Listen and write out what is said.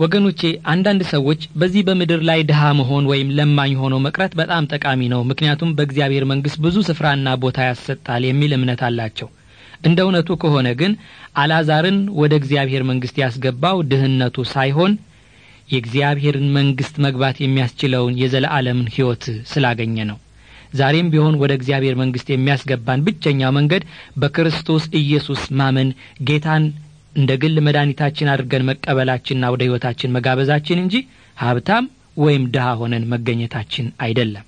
ወገኖቼ አንዳንድ ሰዎች በዚህ በምድር ላይ ድሃ መሆን ወይም ለማኝ ሆኖ መቅረት በጣም ጠቃሚ ነው፣ ምክንያቱም በእግዚአብሔር መንግስት ብዙ ስፍራና ቦታ ያሰጣል የሚል እምነት አላቸው። እንደ እውነቱ ከሆነ ግን አላዛርን ወደ እግዚአብሔር መንግስት ያስገባው ድህነቱ ሳይሆን የእግዚአብሔርን መንግስት መግባት የሚያስችለውን የዘለዓለምን ሕይወት ስላገኘ ነው። ዛሬም ቢሆን ወደ እግዚአብሔር መንግስት የሚያስገባን ብቸኛው መንገድ በክርስቶስ ኢየሱስ ማመን ጌታን እንደ ግል መድኃኒታችን አድርገን መቀበላችንና ወደ ሕይወታችን መጋበዛችን እንጂ ሀብታም ወይም ድሃ ሆነን መገኘታችን አይደለም